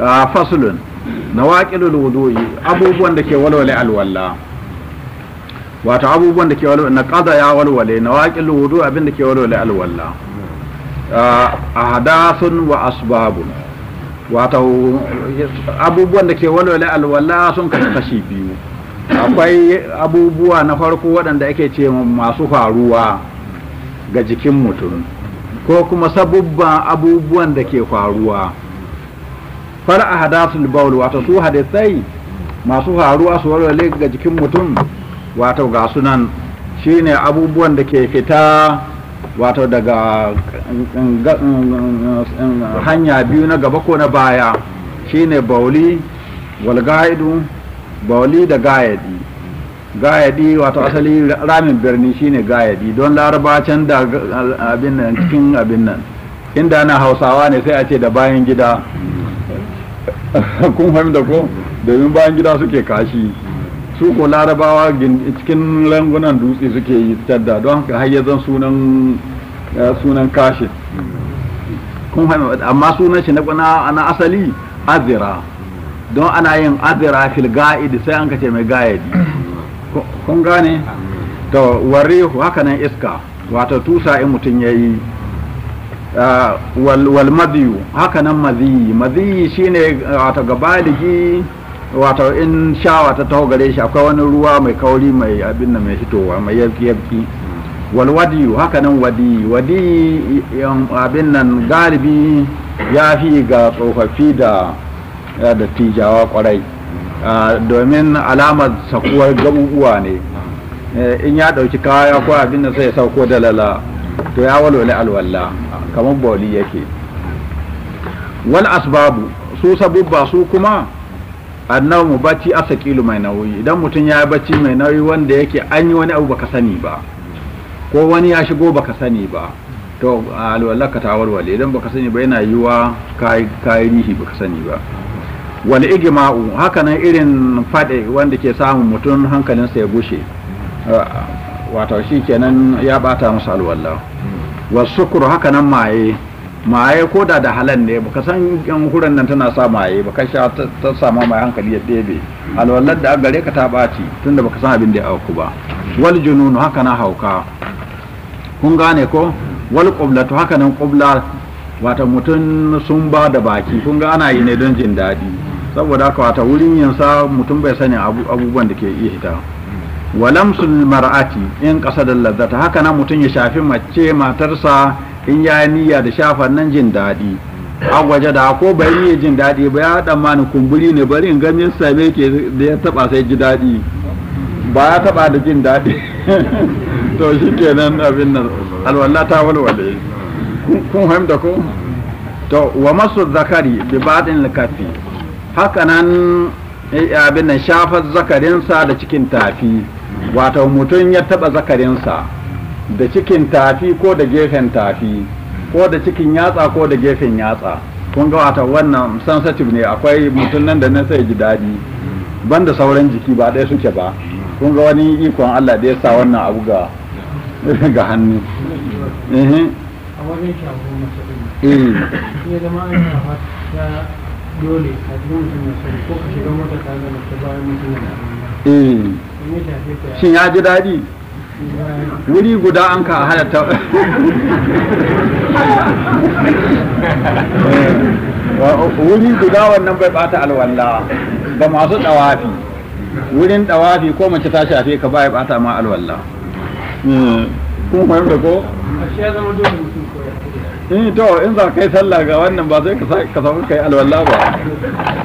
Ah, faslun waƙilul wudu'i abubuwan da ke walwale alwala wato abubuwan da ke walwale na ƙada ya walwale na waƙilul wudu'i abin da ke walwale alwala A ah, hadasun wa asbabun wato abubuwan da ke walwale alwala sun kashi biyu akwai abubuwa na farko waɗanda ake ce masu faruwa ga jikin mutum ko kuma sabubban abubuwan da ke faruwa fara a hadasul baul wato su hadisai masu faruwa su warware ga jikin mutum wato ga sunan shine abubuwan da ke fita wato daga hanya biyu na gaba ko na baya shine bauli wal gaidu bauli da gayadi gayadi wato asali ramin birni shine gayadi don laraba can da abin nan cikin abin nan inda na hausawa ne sai a ce da bayan gida kun fahimta ko domin bayan gida suke kashi su ko larabawa cikin langunan dutse suke yi tadda don haka hayyazan sunan eh, sunan kashi. kun fahimta amma sunan shi na asali azira don ana yin azira fil ga'idi sai an kace mai ga'idi kun gane to warihu haka nan iska wato tusa in mutum yayi wal madiyu haka nan madiyi madiyi shine wato ga wato in sha wata taho gare shi akwai wani ruwa mai kauri mai abin da mai fitowa mai yabki yabki wal wadiyu haka nan wadiyi wadiyi abin nan galibi ya fi ga tsofaffi da da tijawa kwarai domin alamar sakuwar gabubuwa ne in ya ɗauki kaya ko abin da sai sauko da lala to ya walwale alwallah kamar boli yake wal asbabu su sabubba su kuma annamu bacci asakilu mai nauyi idan mutum ya bacci mai nauyi wanda yake an yi wani abu baka sani ba ko wani ya shigo baka sani ba to alwallaka ta warware idan baka sani ba yana yiwa kayi rihi baka sani ba Wani igma'u haka nan irin fade wanda ke samun mutum hankalinsa ya gushe wato shi kenan ya bata masa alwallah Wasu haka nan maye maye ko da da halan ne baka san yan huran nan tana sa maye baka sha ta sama mai hankali ya ɗebe alwallar da gare ka ta ɓaci tunda baka san abin da ya auku ba wal jununu haka na hauka kun gane ko wal qublatu haka nan wata mutum sun ba da baki kun ga yi ne don jin daɗi saboda haka wata wurin yansa mutum bai sani abubuwan da ke iya hita walamsul mar'ati in qasada ladzata haka nan mutum ya shafi mace matarsa in ya niyya da shafan nan jin daɗi gwaje da ko bai yi jin daɗi ba ya mani kumburi ne bari in ganin me same ke da ya taba sai ji daɗi ba ya taba da jin daɗi to shikenan abin nan alwala ta walwale kun fahimta ko to wa masu zakari bi baɗin likafi haka nan eh, abin nan shafar zakarinsa da cikin tafi Wata mutum ya taba zakarinsa da cikin tafi ko da gefen tafi ko da cikin yatsa ko da gefen yatsa kun ga wata wannan sensitive ne akwai mutum nan da nan sai ji dadi ban da sauran jiki ba ɗaya suke ba kun ga wani ikon Allah da ya sa wannan abu ga ga hannu eh dole a cikin mutum ko ka shiga mota ta ta bayan mutum ya shin ya ji daɗi wuri guda an ka ta. Eh, wuri guda wannan bai bata alwala ba masu ɗawafi wurin ɗawafi ko mace ta shafe ka ba ya bata ma alwala eh, kun da ko? in eh, to in za ka yi sallah ga wannan ba sai ka samu kai alwala ba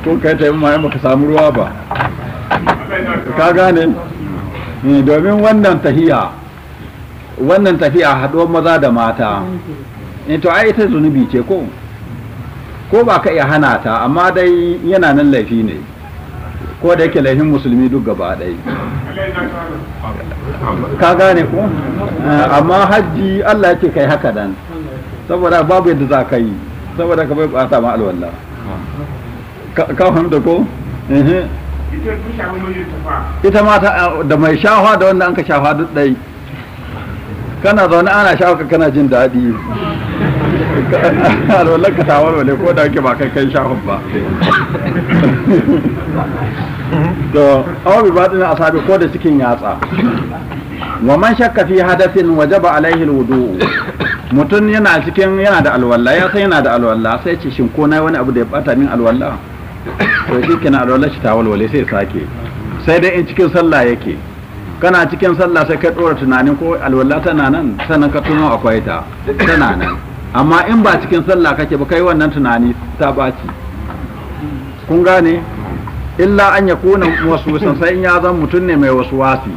ko kai ta yi ma ka samu ruwa ba ka gane Eh, domin wannan tafiya, wannan tafiya haɗuwar maza da mata eh, to ai ita zunubi ce ko ko ba ka iya hana ta amma dai yana nan laifi ne ko da yake laifin musulmi duk gaba ɗai ka gane ko eh, amma hajji Allah yake kai haka dan saboda babu yadda za ka yi saboda ka bai ɓata ma alwallah ka fahimta ko ita ma eh, da mai shafa da wanda an ka shafa duk ɗai kana zaune ana shafa kana jin daɗi alwallar ka tawar wale ko da ake ba kai kai shafa ba to awa bi a asabi ko da cikin yatsa wa man shakka fi hadasin wajaba alaihi alwudu mutum yana cikin yana da alwalla, ya san yana da alwalla sai ce shin ko na wani abu da ya bata min alwalla. to shi kina alwala shi tawalwale sai sake sai dai in cikin sallah yake kana cikin sallah sai kai dora tunanin ko alwala tana nan sannan ka tuno akwai ta tana nan amma in ba cikin sallah kake ba kai wannan tunani ta baci kun gane illa an ya kuna wasu sai in ya zan mutum ne mai wasu wasi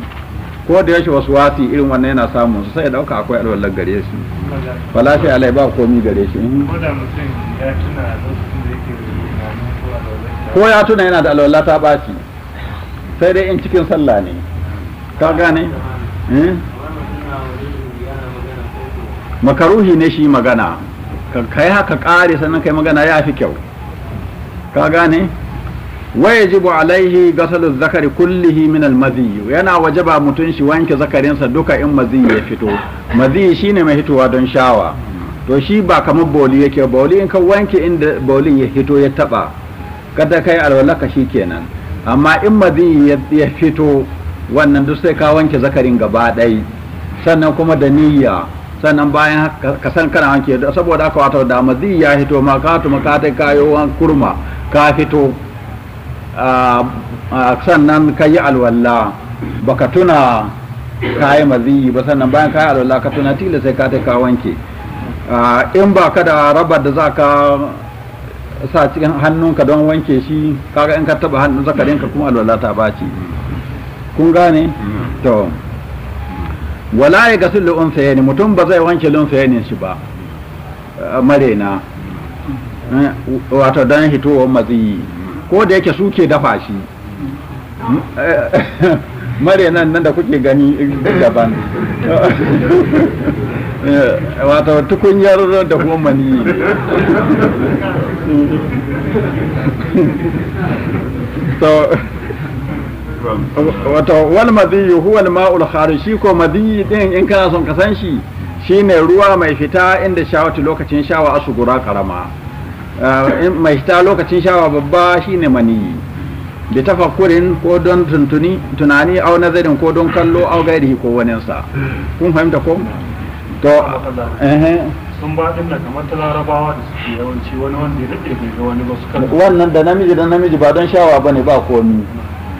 ko da yake wasu wasi irin wannan yana samun su sai dauka akwai alwallar gare shi falafi alai ba komi gare shi ko da mutum ya tuna ko ya tuna yana da alwala ta ɓaci sai dai in cikin sallah ne ka gane eh? makaruhi ne shi magana ka yi haka ƙari sannan kai magana ya fi kyau ka gane bu alaihi gasalu zakari kullihi min almaziyu yana waje ba mutum shi wanke zakarinsa duka in maziyu ya fito shi ne mai hitowa don shawa to shi ba kamar boli yake boli in ka wanke inda bolin ya hito ya taba kada kai alwalaka kenan amma in mazi ya fito wannan duk sai ka wanke zakarin gaba ɗai sannan kuma da niyya sannan bayan ka san kana wanke saboda aka wata da mazi ya fito ma ka tuma ka ta kayo kurma ka fito sannan ka yi alwala ba ka tuna ka yi mazi ba sannan bayan ka yi alwala ka tuna tilo sai ka ka wanke in ba ka da rabar da za ka sa cikin hannunka don wanke shi kaga in ka taba hannun ka kuma alwala ta baci kun gane to wala ya gasu lu'un sayani mutum ba zai wanke lu'un sayanin shi ba eh, marena eh, wato don wa maziyi ko da yake suke dafa shi hmm, eh, marenan nan da kuke gani daban Eh, wato tukunyar da kuma mani so wato wal madiyi huwa al ma'ul kharishi ko madiyi din in kana son ka san shi shine ruwa mai fita inda shawatu lokacin shawa asugura karama eh, mai fita lokacin shawa babba shine mani bi tafakkurin ko don tuntuni tunani au nazarin ko don kallo au gairi ko wani sa, kun fahimta ko sun ba din da kamar ta da suke yawanci wani wanda ya rike bai ga wani ba su wannan da namiji da namiji ba don shawa bane ba komi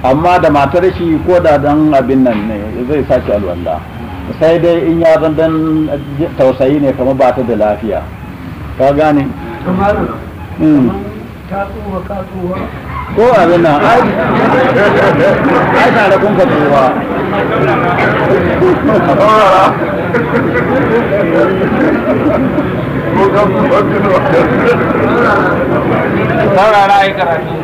amma da matar shi ko da dan abin nan ne zai sace alwala sai dai in ya zan dan tausayi ne kamar ba ta da lafiya ka gane ta mm. tsuwa ka tsuwa ko abin nan ai da kun ka tsuwa saurara ai karatu